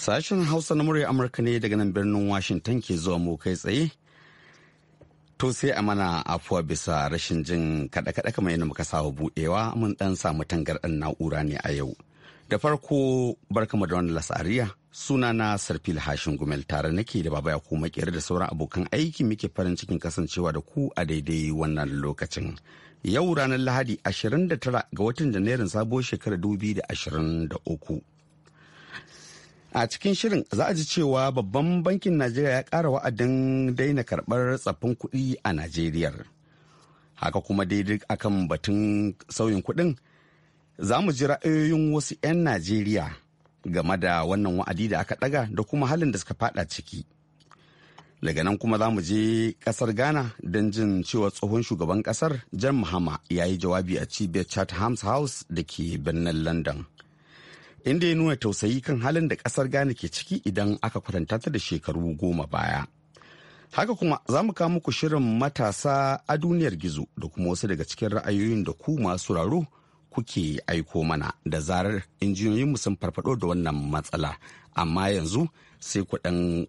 Sashen Hausa na murya Amurka ne daga nan birnin Washington ke zuwa mu kai tsaye. To sai a mana afuwa bisa rashin jin kaɗe-kaɗe kamar yadda muka sawa buɗewa mun ɗan samu ɗan na'ura ne a yau. Da farko barkama da wani lasariya sunana Sarfil Hashin Gumel tare nake da baba ya kuma makere da sauran abokan aiki muke farin cikin kasancewa da ku a daidai wannan lokacin. Yau ranar Lahadi 29 ga watan Janairun sabuwar shekarar 2023. a cikin shirin za a ji cewa babban bankin najeriya ya ƙara wa'adin daina karɓar tsaffin kuɗi a najeriya haka kuma daidai akan batun sauyin kuɗin za mu ji ra'ayoyin wasu 'yan najeriya game da wannan wa'adi da aka ɗaga da kuma halin da suka faɗa ciki daga nan kuma za mu je ƙasar ghana don jin cewa tsohon shugaban ƙasar jan mahama ya yi jawabi a cibiyar chatham house da ke birnin london inda ya nuna tausayi kan halin da kasar Ghana ke ciki idan aka kwatanta ta da shekaru goma baya. Haka kuma za mu kawo muku shirin matasa a duniyar gizo da kuma wasu daga cikin ra'ayoyin da ku masu raro kuke aiko mana da zarar injiniyoyinmu sun farfado da wannan matsala amma yanzu sai kuɗin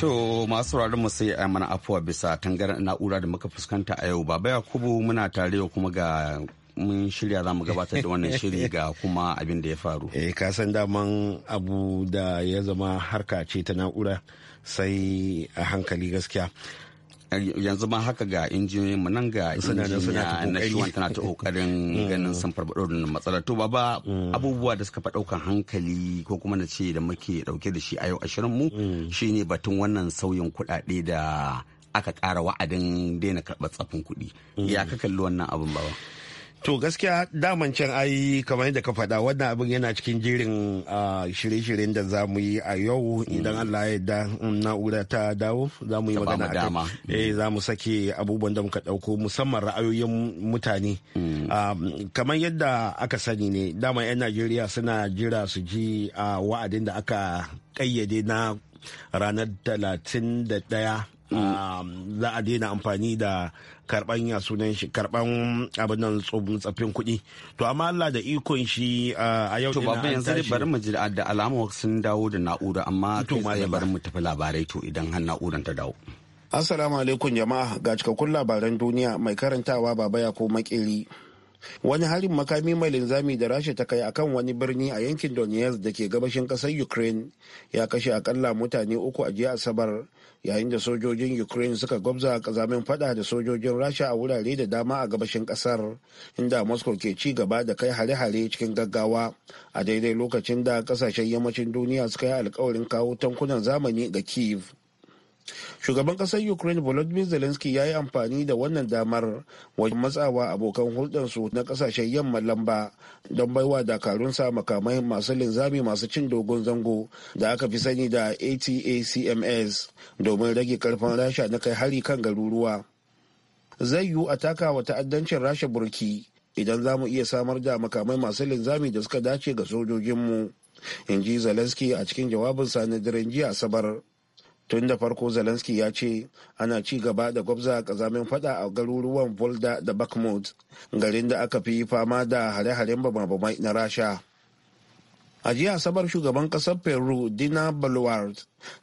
To masu mu sai a mana afuwa bisa tangaran na'ura da muka fuskanta a yau baba Yakubu muna tare kuma ga mun shirya za mu gabatar da wannan shiri ga kuma abin da ya faru. Eh ka san daman abu da ya zama harka ce ta na'ura sai a hankali gaskiya. yanzu ma haka ga injiniyoyin nan ga injiniya na shiwan tana ta kokarin mm. ganin sun farfaɗo da matsalar to ba mm. abubuwa da suka ɗaukan hankali ko kuma na ce da muke ɗauke da shi a yau ashirin mu mm. shine batun wannan sauyin kuɗaɗe da aka ƙara wa'adin daina karɓar tsafin kuɗi ya ka kalli wannan abin ba. To gaskiya daman can ayi kamar yadda ka faɗa wannan abin yana cikin jirin shirye-shiryen da za mu yi a yau idan mm. Allah ya yarda na'ura ta dawo za mu yi magana a eh mm. za mu sake abubuwan da muka ɗauko musamman ra'ayoyin mutane. Mm. Kamar yadda aka sani ne daman 'yan Najeriya suna jira su ji wa'adin da aka ƙayyade na ranar talatin da ɗaya za a daina amfani da karban ya sunan shi karban abin nan tsoffin kuɗi to amma Allah da ikon shi a yau to babu yanzu bari mu ji da alama sun dawo da na'ura amma to ma bari mu tafi labarai to idan har na'uran ta dawo Assalamu alaikum jama'a ga cikakkun labaran duniya mai karantawa baba ya ko makeri wani harin makami mai linzami da rasha ta kai akan wani birni a yankin donetsk da ke gabashin kasar ukraine ya kashe akalla mutane uku a jiya asabar yayin da sojojin ukraine suka gwabza kazamin fada da sojojin rasha a wurare da dama a gabashin kasar inda moscow ke ci gaba da kai hare-hare cikin gaggawa a daidai lokacin da kasashen yammacin duniya suka yi alkawarin kawo tankunan zamani ga kiev shugaban kasar ukraine volodymyr zelensky ya yi amfani da wannan damar wajen matsawa abokan hulɗarsu na ƙasashen yamma lamba don baiwa dakarunsa makamai masu linzami masu cin dogon zango da aka fi sani da atacms domin rage karfin rasha na kai hari kan garuruwa zai yiwu a taka wa ta'addancin rasha burki idan za mu iya samar da makamai masu linzami da suka dace ga sojojinmu in ji zelensky a cikin jawabinsa na daren jiya asabar tun da farko zelensky ya ce ana ci gaba da gwabza kazamin fada a garuruwan volda da bakhmut garin da aka fi fama da hare-haren bamai na rasha a jiya asabar shugaban kasar peru dina balward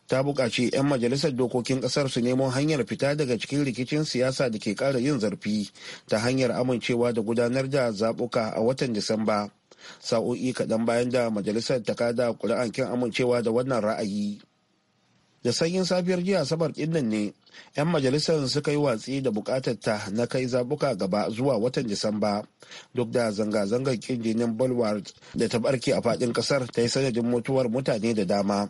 ta buƙaci 'yan majalisar dokokin kasar su nemo hanyar fita daga cikin rikicin siyasa da ke ƙara yin zarfi ta hanyar amincewa da gudanar da zaɓuka a watan disamba sa'o'i kaɗan bayan da majalisar ta kada ƙuri'ankin amincewa da wannan ra'ayi da sanyin safiyar jiya asabar dinnan ne 'yan majalisar suka yi watsi da bukatar ta na kai zabuka gaba zuwa watan disamba duk da zanga-zangar kinjinin bulwark da ta barke a fadin kasar ta yi sanadin mutuwar mutane da dama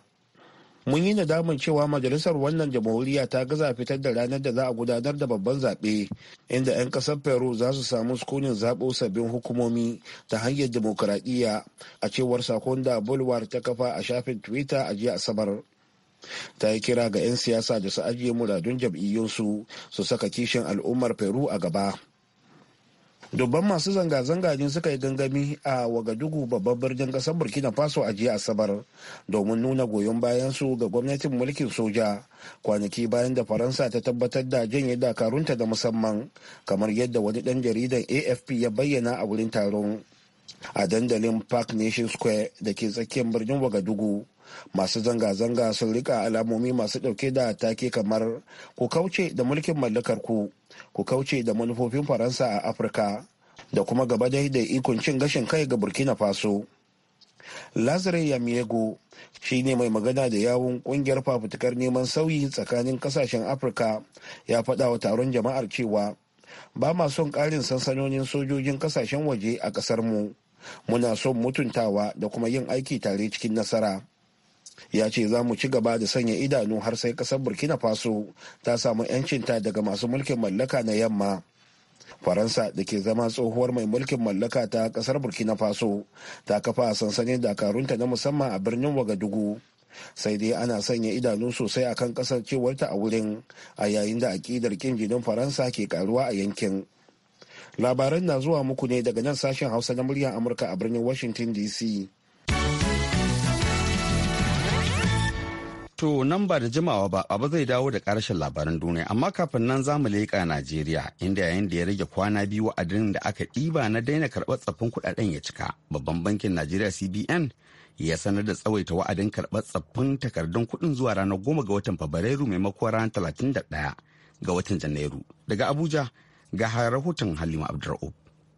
mun yi nadamun cewa majalisar wannan jamhuriya ta gaza fitar da ranar da za a gudanar da babban zaɓe inda 'yan ƙasar peru za su samu sukunin zaɓo sabbin hukumomi ta hanyar demokuraɗiyya a cewar sakon da bulwar ta kafa a shafin twitter a jiya asabar ta yi kira ga 'yan siyasa da su ajiye muradun jam'iyyunsu su saka kishin al'ummar peru a gaba dubban masu zanga-zanga ne suka yi gangami a wagadugu babban birnin kasar burkina faso a jiya asabar domin nuna goyon bayan su ga gwamnatin mulkin soja kwanaki bayan da faransa ta tabbatar da janye dakarunta da musamman kamar yadda wani dan jaridan afp ya bayyana a wurin taron a dandalin park nation square da ke tsakiyar birnin wagadugu masu zanga-zanga sun rika alamomi masu ɗauke da take kamar ku kauce da mulkin mallakar ku ku kauce da manufofin faransa a afirka da kuma gaba dai da ikon cin gashin kai ga burkina faso lazare yamiego shi ne mai magana da yawun kungiyar fafutukar neman sauyi tsakanin kasashen afirka ya faɗa wa taron jama'ar cewa ba ma son ƙarin sansanonin sojojin kasashen waje a ƙasar mu muna son mutuntawa da kuma yin aiki tare cikin nasara ya ce za mu ci gaba da sanya idanu har sai kasar burkina faso ta samu 'yancinta daga masu mulkin mallaka na yamma faransa da ke zama tsohuwar mai mulkin mallaka ta kasar burkina faso ta kafa a sansanin dakarunta na musamman a birnin wagadugu sai dai ana sanya idanu sosai a kan cewarta a wurin a yayin da aƙidar kin jinin faransa ke karuwa a yankin labaran na zuwa muku ne daga nan sashen hausa na muryar amurka a birnin washington dc To nan ba da jimawa ba, abu zai dawo da ƙarshen labaran duniya, amma kafin nan za mu leƙa Najeriya, inda yayin da ya rage kwana biyu wa'adin da aka ɗiba na daina karɓar tsaffin kuɗaɗen ya cika. Babban bankin Najeriya CBN ya sanar da tsawaita wa'adin karɓar tsaffin takardun kuɗin zuwa ranar goma ga watan Fabrairu maimakon ranar talatin da ɗaya ga watan Janairu. Daga Abuja, ga rahoton Halima Abdurra'u.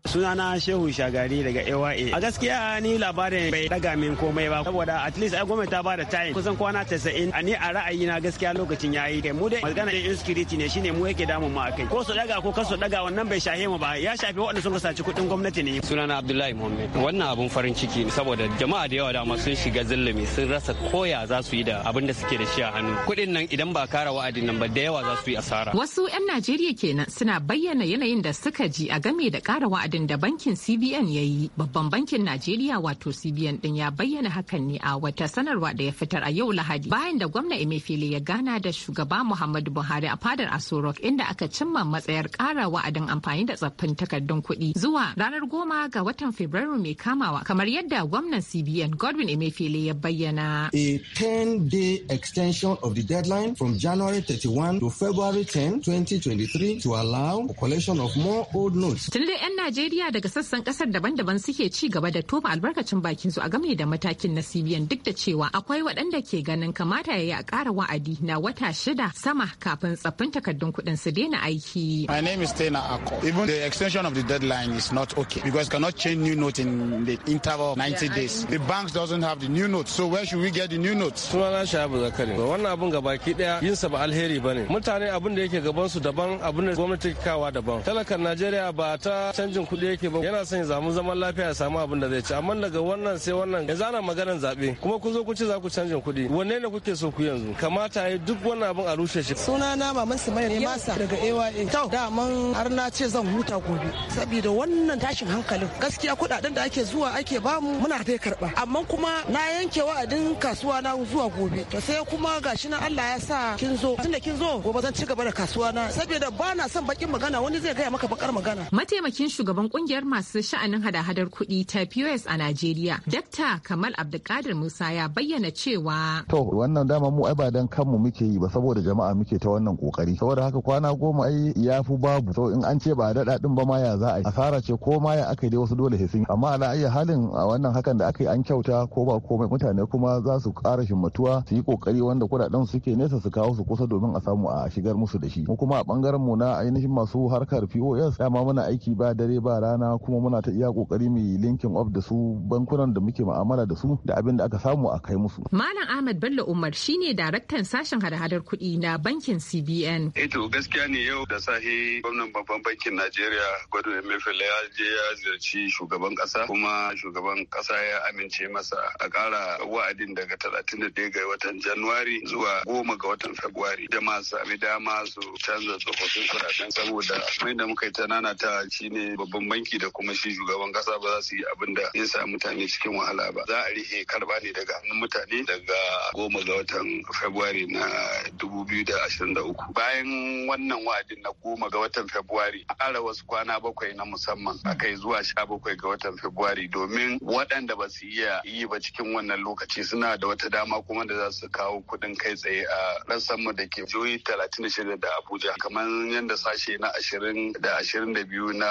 sunana shehu shagari daga AYA a gaskiya ni labarin bai daga min komai ba saboda at least ai gwamnati ta bada time kusan kwana 90 a ni a ra'ayi na gaskiya lokacin yayi kai mu dai magana da insecurity ne shine mu yake damun mu akai ko su daga ko kasu daga wannan bai shahe mu ba ya shafi waɗanda sun kasance kudin gwamnati ne sunana Abdullahi Muhammad wannan abun farin ciki saboda jama'a da yawa dama sun shiga zulumi sun rasa koya za su yi da abin da suke da shi a hannu kudin nan idan ba kara wa'adin nan ba da yawa za su yi asara wasu 'yan Najeriya kenan suna bayyana yanayin da suka ji a game da kara wa'adin korafin da bankin cbn ya yi babban bankin najeriya wato cbn din ya bayyana hakan ne a wata sanarwa da ya fitar a yau lahadi bayan da gwamna emefiele ya gana da shugaba muhammadu buhari a fadar asorok inda aka cimma matsayar kara wa'adin amfani da tsaffin takardun kuɗi zuwa ranar goma ga watan fabrairu mai kamawa kamar yadda gwamnan cbn godwin emefiele ya bayyana a 10 day extension of the deadline from january 31 to february 10 2023 to allow collection of more old notes tun dai 'yan Najeriya daga sassan kasar daban-daban suke ci gaba da tofa albarkacin bakin su a game da matakin na CBN duk da cewa akwai waɗanda ke ganin kamata ya yi a ƙara wa'adi na wata shida sama kafin tsaffin takardun kuɗin su daina aiki. My name is Tena Ako. Even the extension of the deadline is not okay because cannot change new note in the interval of 90 days. The banks doesn't have the new note. So where should we get the new note? Sunana Shahabu Zakari. Wannan abun ki daya yin sa ba alheri bane. Mutane abun da yake gaban su daban abun da gwamnati kawa daban. Talakan Najeriya ba ta canjin kuɗi yake ba yana son ya zaman lafiya ya samu abin da zai ci amma daga wannan sai wannan yanzu ana maganar zaɓe kuma ku zo ku ce za ku canjin kuɗi wanne ne kuke so ku yanzu kamata ya duk wannan abin a rushe shi. sunana maman sumayya ne masa daga AYA to da mun. har na ce zan huta gobe saboda wannan tashin hankalin gaskiya kudaden da ake zuwa ake bamu muna dai karɓa amma kuma na yanke wa'adin kasuwa na zuwa gobe to sai kuma gashi na Allah ya sa kin zo tunda kin zo gobe zan ci gaba da kasuwa na saboda ba na son bakin magana wani zai gaya maka bakar magana mataimakin shugaba shugaban kungiyar masu sha'anin hada-hadar kuɗi ta POS a Najeriya. Dakta Kamal Abdulkadir Musa ya bayyana cewa. To wannan dama mu ai ba dan kanmu muke yi ba saboda jama'a muke ta wannan kokari. Saboda haka kwana goma ai ya fi babu. To in an ce ba dada ɗin ba ma ya za a yi. Asara ce ko ma ya aka yi wasu dole hisin. Amma ala halin a wannan hakan da aka yi an kyauta ko ba komai mutane kuma za su ƙara himmatuwa su yi kokari wanda kuɗaɗen suke nesa su kawo su kusa domin a samu a shigar musu da shi. Mu kuma a ɓangaren mu na ainihin masu harkar POS dama muna aiki ba dare ba ba rana kuma muna ta iya kokari mu yi linking up da su bankunan da muke mu'amala da su da abin da aka samu a kai musu. Malam Ahmad Bello Umar shine daraktan sashen hada-hadar kuɗi na bankin CBN. Eh to gaskiya ne yau da sahi gwamnan babban bankin Najeriya Gwado Emefiele ya je ya ziyarci shugaban kasa kuma shugaban kasa ya amince masa a ƙara wa'adin daga 31 ga watan Januwari zuwa 10 ga watan Fabrairu da ma sami dama su canza tsofaffin kuɗaɗen saboda mai da muka yi ta nana ta shine babban babban banki da kuma shi shugaban kasa ba za su yi abin da ya sa mutane cikin wahala ba za a rihe karba ne daga hannun mutane daga goma ga watan february na uku. bayan wannan wa'adin na goma ga watan february a ƙara wasu kwana bakwai na musamman a kai zuwa sha bakwai ga watan february domin waɗanda ba su iya yi ba cikin wannan lokaci suna da wata dama kuma da za su kawo kuɗin kai tsaye a mu da ke jihohi talatin da shida da abuja kamar yadda sashe na ashirin da ashirin da biyu na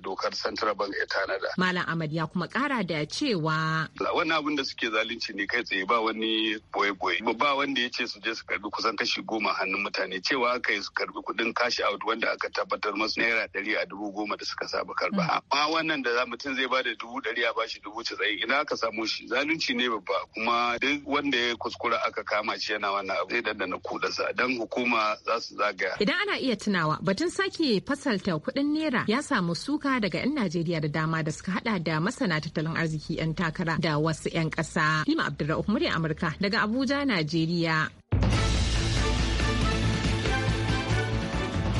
dokar central bank ya tanada malam ahmad ya kuma kara da cewa wannan abin da suke zalunci ne kai tsaye ba wani boye-boye ba wanda ya ce su je su karbi kusan kashi goma hannun mutane cewa kai su karbi kudin kashi out wanda aka tabbatar masu naira ɗari a dubu goma da suka saba karba mm. amma wannan da mutum zai ba da dubu ɗari a bashi dubu tsaye ina aka samu shi zalunci ne babba kuma duk wanda ya kuskura aka kama shi yana wannan abu zai dandana kudansa don hukuma za su zagaya idan ana iya tunawa batun sake fasalta kudin naira ya samu suka suka daga 'yan Najeriya da dama da suka hada da masana tattalin arziki 'yan takara da wasu 'yan ƙasa. Lima Abdulrahman murya Amurka daga Abuja, Najeriya.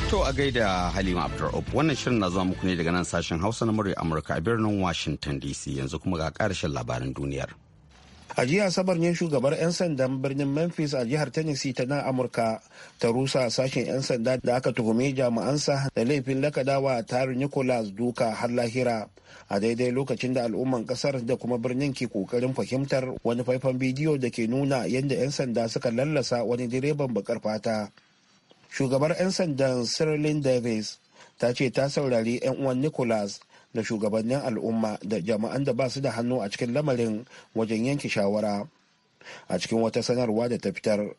To a gaida Halima Abdulrahman wannan shirin na zuwa muku ne daga nan sashen Hausa na murya Amurka a birnin Washington DC yanzu kuma ga ƙarshen labaran duniyar. a jiya asabar ne shugabar 'yan sandan birnin memphis a jihar tennessee ta nan amurka ta rusa sashen 'yan sanda da aka tuhumi jami'ansa da laifin lakadawa tarin nicholas duka har lahira a daidai lokacin da al'umman kasar da kuma birnin ke kokarin fahimtar wani faifan bidiyo da ke nuna yadda 'yan sanda suka lallasa wani direban bakar fata shugabar 'yan sandan sirlin davis ta ce ta saurari 'yan uwan nicholas da shugabannin al'umma da jama'an da ba su da hannu a cikin lamarin wajen yanke shawara a cikin wata sanarwa da ta fitar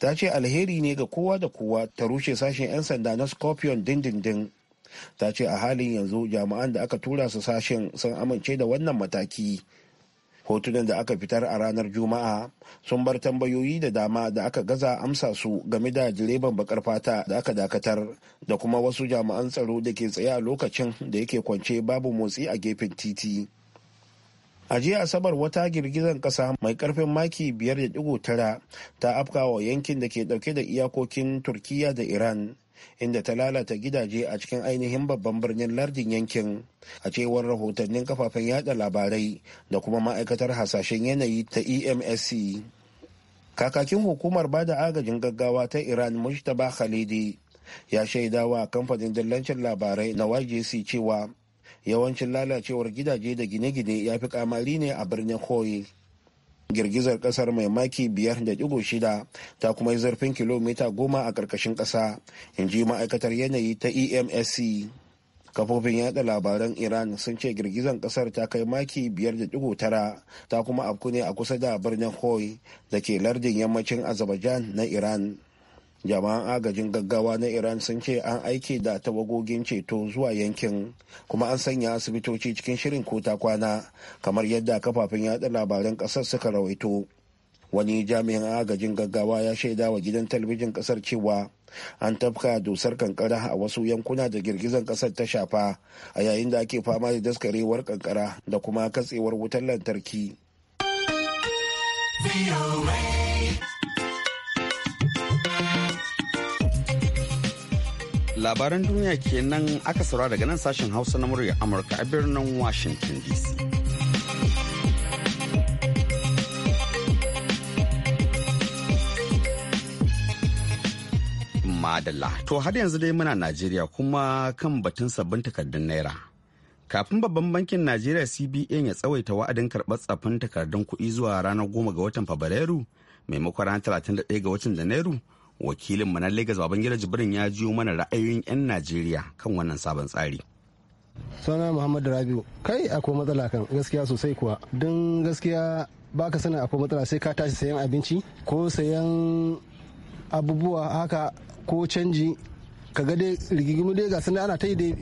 ta ce alheri ne ga kowa da kowa ta rushe sashen 'yan sanda na scorpion dindindin ta ce a halin yanzu jama'an da aka tura su sashen sun amince da wannan mataki hotunan da aka fitar a ranar juma'a sun bar tambayoyi da dama da aka gaza amsa su game da direban bakar fata da aka dakatar da kuma wasu jami'an tsaro da ke tsaye a lokacin da yake kwance babu motsi a gefen titi a jiya asabar wata girgizar kasa mai karfin maki biyar da tara ta afkawa yankin da ke dauke da iyakokin turkiya da iran inda ta lalata gidaje a cikin ainihin babban birnin lardin yankin a cewar rahotannin kafafen yada labarai da kuma ma'aikatar hasashen yanayi ta emsc kakakin hukumar bada agajin gaggawa ta iran mujtaba khalidi ya shaidawa kamfanin dillancin labarai na yjc cewa yawancin lalacewar gidaje da gine-gine ya fi kamari ne a birnin hoyi girgizar kasar mai maki biyar da shida ta kuma yi zarfin kilomita 10 a ƙarkashin ƙasa in ji ma'aikatar yanayi ta emsc kafofin yada labaran iran sun ce girgizar kasar ta kai maki biyar da tara ta kuma afku ne a kusa da birnin hoi da ke lardin yammacin azerbaijan na iran jama'an agajin gaggawa na iran sun ce an aike da tawagogin ceto zuwa yankin kuma an sanya asibitoci cikin shirin kota kwana kamar yadda kafafen yada labaran kasar suka rawaito wani jami'in agajin gaggawa ya shaida wa gidan talabijin kasar cewa an tafka dusar kankara a wasu yankuna da girgizan kasar ta shafa a yayin da ake fama da daskarewar kankara da kuma katsewar wutar lantarki. labaran duniya kenan aka saura daga nan sashen hausa na murya amurka a birnin washington dc madalla to har yanzu dai muna najeriya kuma kan batun sabbin takardun naira kafin babban bankin najeriya CBA ya tsawaita wa'adin karɓar tsaffin takardun kuɗi zuwa ranar goma ga watan fabrairu maimakon ranar 31 ga watan janairu wakilinmu na lagos babangida jibrin ya jiyo mana ra'ayoyin 'yan najeriya kan wannan sabon tsari Sana muhammad rabiu kai akwai matsala kan gaskiya sosai kuwa don gaskiya ba ka sanin akwai matsala sai ka tashi sayan abinci ko sayan abubuwa haka ko canji ka ga dai rigigimu dai ga sana ana ta yi dai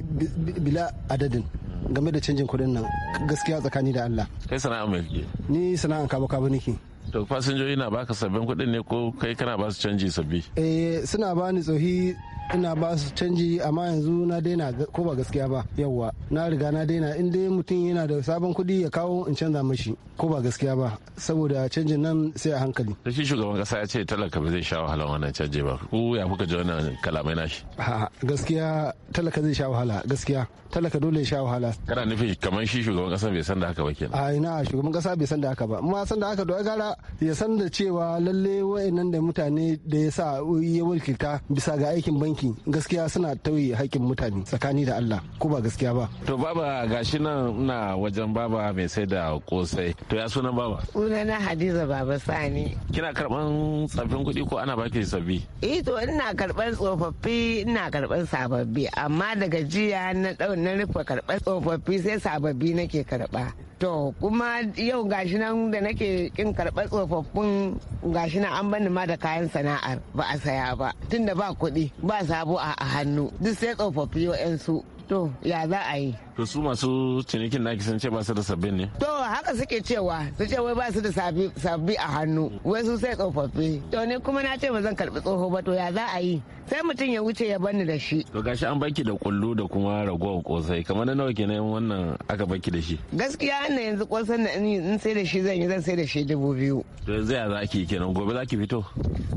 bila adadin game da canjin kuɗin nan gaskiya tsakani da Allah. Kai sana'a mai Ni sana'a kabo kabo nake. to fasinjoyi na baka sabbin kuɗin ne ko kai kana ba su canji sabbi eh suna ba ni tsohi ina ba su canji amma yanzu na daina ko ba gaskiya ba yawwa na riga na daina in dai mutum yana da sabon kuɗi ya kawo in canza mashi ko ba gaskiya ba saboda canjin nan sai a hankali da shi shugaban kasa ya ce talaka ba zai sha wahala wannan canji ba ku ya kuka ji wannan kalamai nashi ha gaskiya talaka zai sha wahala gaskiya talaka dole ya sha wahala kana nufin kamar shi shugaban kasa bai san da haka ba kenan a ina shugaban kasa bai san da haka ba amma san da haka to gara ya san da cewa lalle wa'annan da mutane da ya sa ya wakilta bisa ga aikin banki gaskiya suna tauye haƙƙin mutane tsakani da Allah ko ba gaskiya ba. To baba gashi nan na wajen baba mai sai da kosai. To ya sunan baba? Sunana Hadiza Baba Sani. Kina karɓan tsaffin kuɗi ko ana baki sabbi? Eh to ina karɓan tsofaffi ina karɓan sababbi amma daga jiya na rufe karɓar tsofaffi sai sababbi nake karɓa. to kuma yau gashi nan da nake kin karɓar tsofaffin gashi nan an bani ma da kayan sana'ar ba a saya ba tunda ba kuɗi ba sabo a hannu duk sai tsofaffi wa'yansu to ya za a yi to su masu cinikin naki sun ce ba su da sabbin ne to haka suke cewa su ce wai ba su da sabbi a hannu wai su sai tsofaffi to ne kuma na ce ba zan karbi tsoho ba to ya za a yi sai mutum ya wuce ya bani da shi to gashi an baki da kullu da kuma ragowar kosai kamar na nawa kenan wannan aka baki da shi gaskiya ina yanzu kosan na in sai da shi zan yi zan sai da shi dubu biyu to yanzu ya za ki kenan gobe za ki fito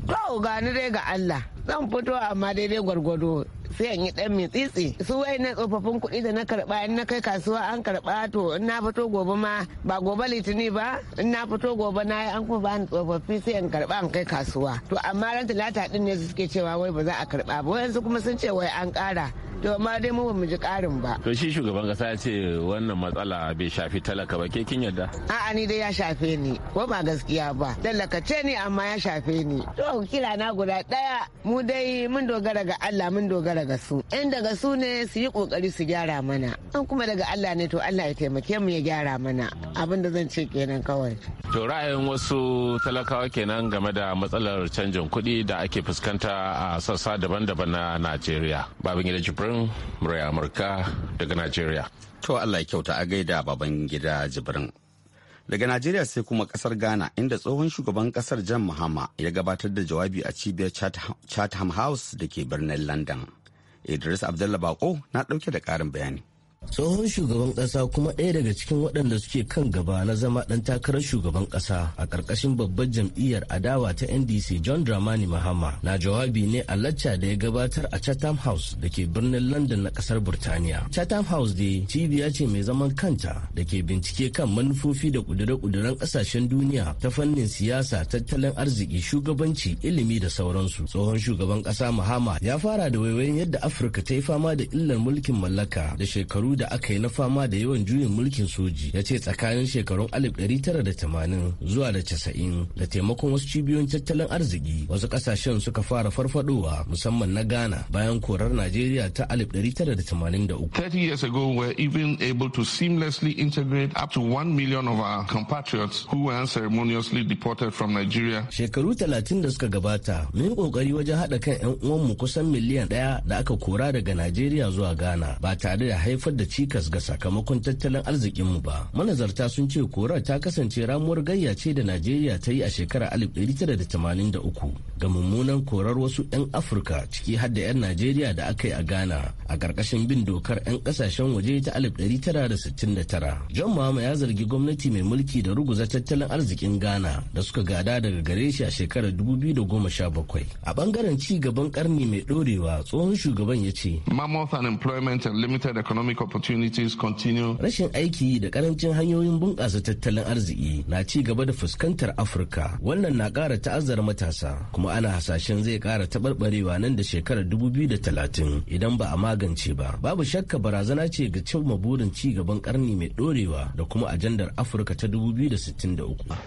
to ga ni dai ga Allah zan fito amma daidai gwargwado sai an yi dan mitsitsi su wai na tsofaffin kuɗi da na karɓa in na kai kasuwa an karɓa to in na fito gobe ma ba gobe litini ba in na fito gobe na yi an kuma bani tsofaffi sai in karɓa an kai kasuwa to amma ran talata din ne suke cewa wai ba za a karɓa ba wayansu kuma sun ce wai an kara to amma dai mu mu ji karin ba to shi shugaban kasa ya ce wannan matsala bai shafi talaka ba ke kin yarda a'a ni dai ya shafe ni ko ba gaskiya ba talaka ce amma ya shafe ni to kira na guda ɗaya mu dai mun dogara ga Allah mun dogara daga su yan daga su ne su yi kokari su gyara mana an kuma daga Allah ne to Allah ya taimake mu ya gyara mana abin da zan ce kenan kawai to ra'ayin wasu talakawa kenan game da matsalar canjin kuɗi da ake fuskanta a sassa daban-daban na Najeriya babin gida jibrin murai Amurka daga Najeriya to Allah ya kyauta a gaida baban gida jibrin daga najeriya sai kuma kasar ghana inda tsohon shugaban kasar jan mahama ya gabatar da jawabi a cibiyar chatham house da ke birnin london Idris Abdullah Bako na ɗauke da ƙarin bayani. tsohon shugaban ƙasa kuma ɗaya daga cikin waɗanda suke kan gaba na zama ɗan takarar shugaban ƙasa, a ƙarƙashin babbar jam'iyyar adawa ta ndc john dramani mahama na jawabi ne a lacca da ya gabatar a chatham house da ke birnin london na ƙasar burtaniya chatham house dai cibiya ce mai zaman kanta da ke bincike kan manufofi da ƙudure-ƙuduren ƙasashen duniya ta fannin siyasa tattalin arziki shugabanci ilimi da sauransu tsohon shugaban ƙasa mahama ya fara da waiwayin yadda afirka ta yi fama da illar mulkin mallaka da shekaru shekaru da aka yi na fama da yawan juyin mulkin soji ya ce tsakanin shekarun 1980 zuwa da 90 da taimakon wasu cibiyoyin tattalin arziki wasu kasashen suka fara farfadowa musamman na ghana bayan korar najeriya ta 1983 30 years ago were even able to seamlessly integrate up to 1 million of our compatriots who were unceremoniously deported from nigeria shekaru 30 da suka gabata mun kokari wajen hada kan 'yan uwanmu kusan miliyan daya da aka kora daga najeriya zuwa ghana ba tare da haifar da da cikas ga sakamakon tattalin arzikinmu ba. Manazarta sun ce korar ta kasance ramuwar gayya ce da Najeriya ta yi a shekarar 1983 ga mummunan korar wasu 'yan Afirka ciki har da 'yan Najeriya da aka yi a Ghana a ƙarƙashin bin dokar 'yan ƙasashen waje ta 1969. John Mahama ya zargi gwamnati mai mulki da ruguza tattalin arzikin Ghana da suka gada daga gare shi a shekarar 2017. A bangaren ci gaban karni mai ɗorewa tsohon shugaban ya ce. Mammoth unemployment and limited economic opportunities continue. Rashin aiki da karancin hanyoyin bunƙasa tattalin arziki na ci gaba da fuskantar Afirka. Wannan na ƙara ta'azzara matasa kuma ana hasashen zai ƙara taɓarɓarewa nan da shekarar talatin idan ba a magance ba. Babu shakka barazana ce ga cimma burin ci gaban ƙarni mai ɗorewa da kuma ajandar Afirka ta 2063.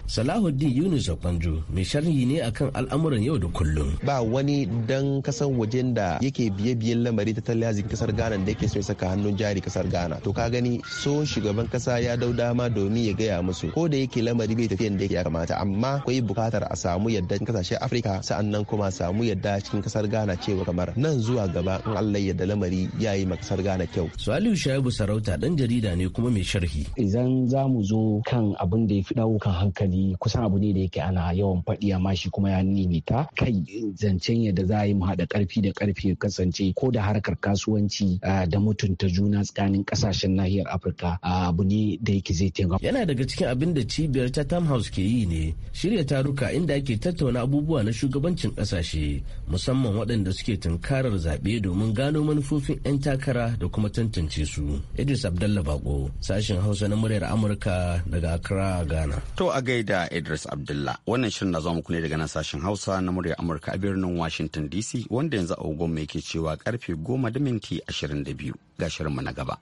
Salahuddin Yunus Obanjo mai sharhi ne akan al'amuran yau da kullum. Ba wani dan kasan wajen da yake biye-biyen lamari tattalin arzikin kasar Ghana da yake so ya saka hannun jari kasar kasar ghana to ka gani so shugaban kasa ya dau dama domin ya gaya musu ko da yake lamari bai tafiyan da ya kamata amma akwai bukatar a samu yadda kasashen afirka sa'annan kuma samu yadda cikin kasar ghana cewa kamar nan zuwa gaba in allah yadda lamari ya yi ma kasar ghana kyau salihu shaibu sarauta dan jarida ne kuma mai sharhi idan za mu zo kan abin da ya fi dawo kan hankali kusan abu ne da yake ana yawan faɗi amma shi kuma ya ta kai zancen yadda za a yi mu haɗa ƙarfi da ƙarfi kasance ko da harkar kasuwanci ah, da mutunta juna tsakanin tsakanin kasashen nahiyar afirka abu ne da yake zai taimaka yana daga cikin abin da cibiyar chatham house ke yi ne shirya taruka inda ake tattauna abubuwa na shugabancin kasashe musamman waɗanda suke tunkarar zaɓe domin gano manufofin 'yan takara da kuma tantance su idris abdallah bako sashen hausa na muryar amurka daga accra ghana to a gaida idris abdullah wannan shirin na zama daga nan sashen hausa na muryar amurka a birnin washington dc wanda yanzu a agogon mai ke cewa karfe goma da minti ashirin da biyu ga shirinmu na gaba.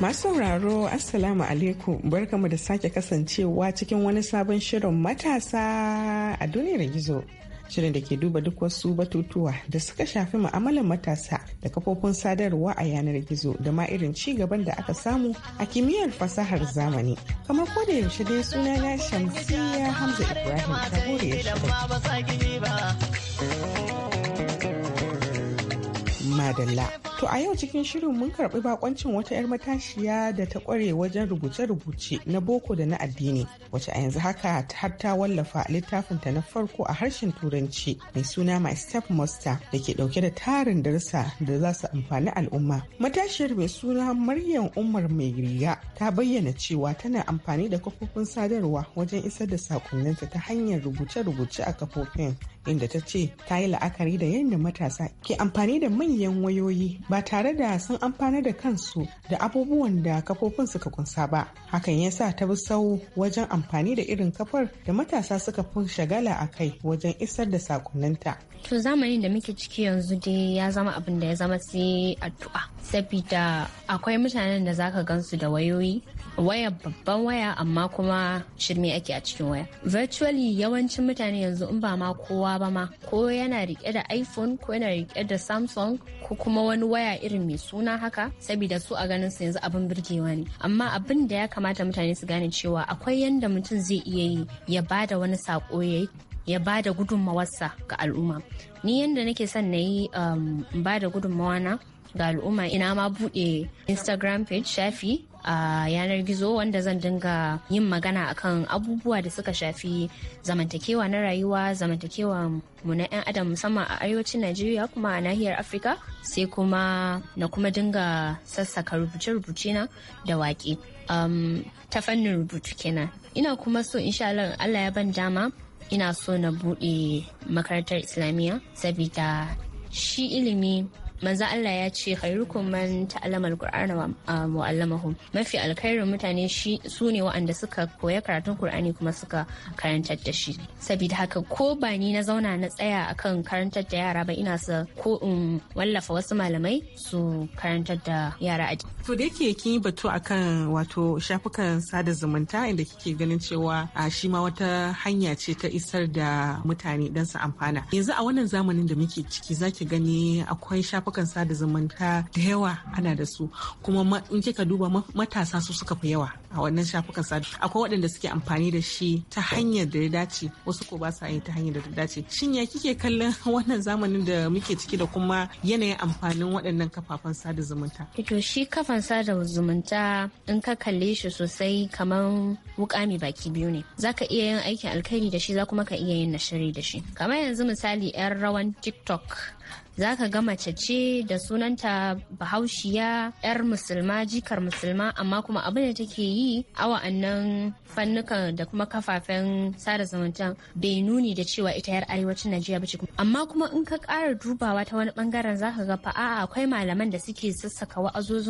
Masu sauraro Assalamu alaikum barkamu da sake kasancewa cikin wani sabon shirin matasa a duniyar gizo shirin da ke duba duk wasu batutuwa da suka shafi ma'amalar matasa da kafofin sadarwa a yanar gizo da ma irin ci gaban da aka samu a kimiyyar fasahar zamani kamar ko da yaushe dai suna na shamsiya hamza ibrahim gode ya shirya. madalla To a yau cikin shirin mun karɓi bakoncin wata 'yar matashiya da ta ƙware wajen rubuce-rubuce na boko da na addini wacce a yanzu haka har ta wallafa littafinta na farko a harshen turanci mai suna My Step Master da ke ɗauke da tarin darussa da za su amfani al'umma. Matashiyar mai suna Maryam Umar mai riga ta bayyana cewa tana amfani da kafofin sadarwa wajen isar da sakonninta ta hanyar rubuce-rubuce a kafofin inda ta ce ta yi la'akari da yadda matasa ke amfani da manyan wayoyi ba tare da sun amfana da kansu da abubuwan da kafofin suka kunsa ba hakan ya sa ta bi sau wajen amfani da irin kafar da matasa suka fi shagala a kai wajen isar da sakonninta to zamanin da muke ciki yanzu dai ya zama abin da ya zama sai addu'a sabida akwai mutanen da zaka gansu da wayoyi waya babban waya amma kuma shirme ake a cikin waya virtually yawancin mutane yanzu in ba ma kowa ba ma ko yana rike da iphone ko yana rike da samsung ko kuma wani waya irin mai suna haka saboda su a ganin su yanzu abin birgewa ne amma abin da ya kamata mutane su gane cewa akwai yanda mutum zai iya yi ya bada wani sako ya ya ba da gudunmawarsa ga al'umma ni yanda nake son na yi um, ba da gudunmawa na ga al'umma ina ma buɗe instagram page shafi a yanar gizo wanda zan dinga yin magana akan abubuwa da suka shafi zamantakewa na rayuwa zamantakewa mu na 'yan adam musamman a arewacin najeriya kuma a nahiyar afirka sai kuma na kuma dinga sassaka rubuce-rubuce na da waƙe um, ta fannin rubutu kenan ina kuma so insha Allah ya ban dama ina so na buɗe makarantar islamiyya sabida shi ilimi manzo Allah ya ce khairukum man ta'allama al-Qur'ana wa mu'allamahu mafi alkhairin mutane shi su ne waɗanda suka koya karatun Qur'ani kuma suka karanta da shi saboda haka ko ba ni na zauna na tsaya akan karantar da yara ba ina sa ko in wallafa wasu malamai su karantar da yara a to da yake kin yi batu akan wato shafukan sada zumunta inda kike ganin cewa a shi ma wata hanya ce ta isar da mutane dan su amfana yanzu a wannan zamanin da muke ciki zaki gani akwai shafukan shafukan sada zumunta da yawa ana da su kuma in kika duba matasa su suka fi yawa a wannan shafukan sada akwai waɗanda suke amfani da shi ta hanyar da ya dace wasu ko ba sa yi ta hanyar da ta dace shin ya kike kallon wannan zamanin da muke ciki da kuma yanayin amfanin waɗannan kafafen sada zumunta eh to shi kafan sada zumunta in ka kalle shi sosai kamar wuka mai baki biyu ne zaka iya yin aikin alkhairi da shi za kuma ka iya yin nashiri da shi kamar yanzu misali 'yan rawan tiktok za ka ga mace ce da sunanta bahaushiya yar musulma jikar musulma amma kuma abin da take yi a wa'annan fannukan da kuma kafafen sada zumunta bai nuni da cewa ita yar arewacin najeriya bace amma kuma in ka ƙara dubawa ta wani bangaren za ka ga fa a'a akwai malaman da suke sassaka su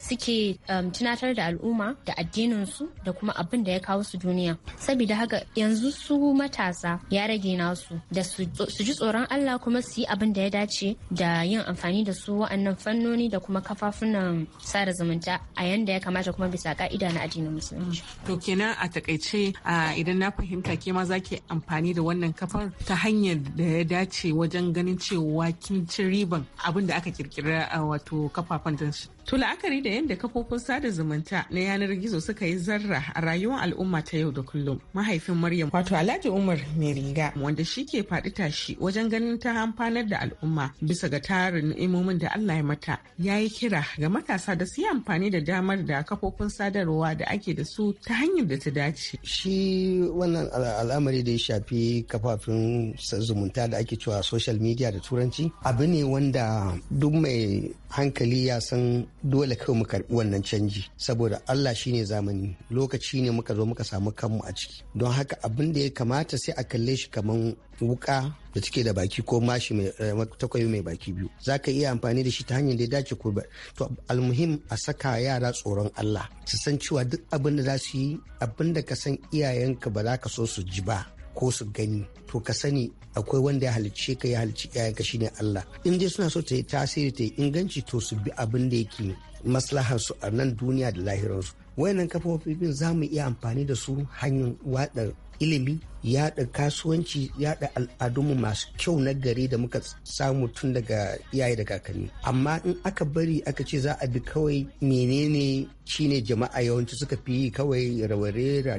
suke um, tunatar da al'umma da addinin su da kuma abin da ya kawo su duniya saboda haka yanzu su matasa ya rage nasu da su ji tsoron allah kuma su yi abin da ya dace dace da yin amfani da su wa'annan fannoni da kuma kafafunan sada zumunta a yanda ya kamata kuma bisa ka'ida na addinin musulunci. To kenan a takaice idan na fahimta ke ma za ki amfani da wannan kafar ta hanyar da ya dace wajen ganin cewa kin ci riban abin da aka kirkira wato kafafen To la'akari da yadda kafofin sada zumunta na yanar gizo suka yi zarra a rayuwar al'umma ta yau da kullum. Mahaifin Maryam wato Alhaji Umar mai riga wanda shi ke faɗi tashi wajen ganin ta amfanar da al'umma bisa ga tarin imomin da Allah ya mata ya yi kira ga matasa da su yi amfani da damar da kafofin sadarwa da ake da su ta hanyar da ta dace. Shi wannan al'amari da ya shafi kafafin zumunta da ake cewa social media da turanci abu ne wanda duk mai hankali ya san dole kawai mu karbi wannan canji saboda Allah shine zamani lokaci ne muka zo muka samu kanmu a ciki don haka abin da ya kamata sai a kalle shi kaman wuka da take da baki ko mashi mai eh, takwayo mai baki biyu zaka iya amfani da shi ta hanyar da ya dace ko to almuhim a saka yara tsoron Allah su san cewa duk abin da za su yi abin da ka san iyayenka ba za ka so su ji ba ko su gani to ka sani akwai wanda ya halicce ka ya halicci ka shine Allah in dai suna so ta yi tasiri ta yi inganci to su bi abin da yake maslahar su a nan duniya da su wayannan kafofin za mu iya amfani da su hanyar watsa ilimi yaɗa kasuwanci yaɗa al'adunmu masu kyau na gari da muka samu tun daga iyaye da kakanni amma in aka bari aka ce za a bi kawai menene shine jama'a yawanci suka fi yi kawai raware da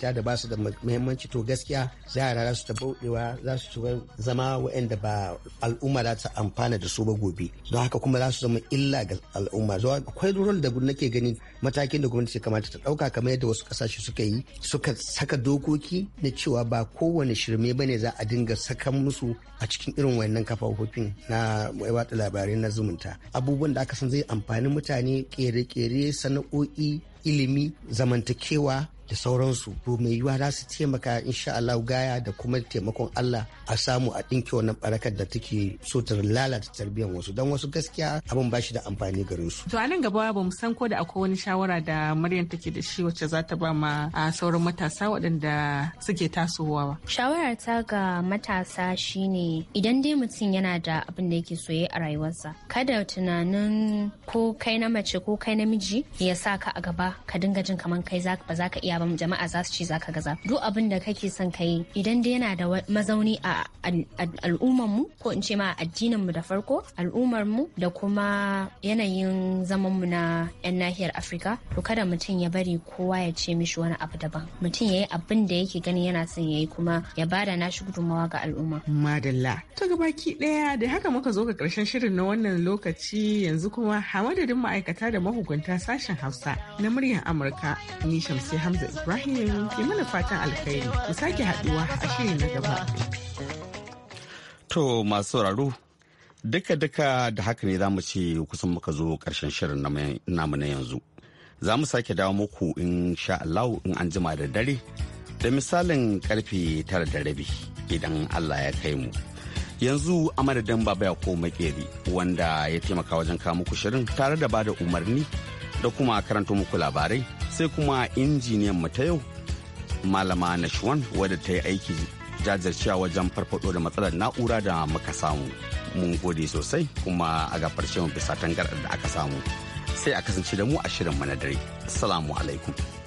ta da basu da muhimmanci to gaskiya za yara za su ta bauɗewa za su zama waɗanda ba al'umma za ta amfana da su ba gobe don haka kuma za su zama illa ga al'umma zuwa akwai rural da nake gani matakin da gwamnati kamata ta ɗauka kamar yadda wasu ƙasashe suka yi suka saka dokoki na cewa ba kowane shirme ba ne za a dinga sakan musu a cikin irin wannan kafofin na watsa labarai na zumunta abubuwan da aka san zai amfani mutane kere-kere sana'o'i ilimi zamantakewa da sauransu to mai yiwuwa za su taimaka insha Allah gaya da kuma taimakon Allah a samu a ɗinke wannan barakar da take so ta lalata tarbiyyar wasu don wasu gaskiya abin ba shi da amfani gare su. To a nan gaba ba mu san ko da akwai wani shawara da Maryam take da shi wacce za ta ba ma sauran matasa waɗanda suke tasowa ba. Shawara ta ga matasa shine idan dai mutum yana da abin da yake soye a rayuwarsa kada tunanin ko kai na mace ko kai namiji ya sa ka a gaba ka dinga jin kamar kai ba za ka iya jama'a za su ci ka gaza duk abin da kake son ka yi idan dai yana da mazauni a al'ummar mu ko in ce ma addinin mu da farko al'ummar mu da kuma yanayin zaman mu na yan nahiyar Afirka to kada mutum ya bari kowa ya ce mishi wani abu daban mutum ya yi abin da yake gani yana son ya yi kuma ya bada nashi gudunmawa ga al'umma madalla to gabaki ɗaya da haka muka zo ga karshen shirin na wannan lokaci yanzu kuma hamadadin ma'aikata da mahukunta sashen Hausa na muryar Amurka ni Shamsi Hamza Ibrahim ke mana fatan alkhairi mu sake haduwa a shiri na gaba. To masu sauraro duka-duka da haka ne za mu ce kusan muka zo karshen shirin namu na yanzu. Za mu sake dawo muku in sha Allah in an jima da dare da misalin karfe tara da rabi idan Allah ya kai mu. yanzu a madadin baba ya koma makeri wanda ya taimaka wajen kawo muku shirin tare da bada umarni da kuma karanto muku labarai sai kuma injiniyan mu ta yau malama nashwan wadda ta yi aiki jajircewa wajen farfado da matsalar na'ura da muka samu mun gode sosai kuma a gafar bisa tangarɗar da aka samu sai a kasance da mu a shirin manadari na assalamu alaikum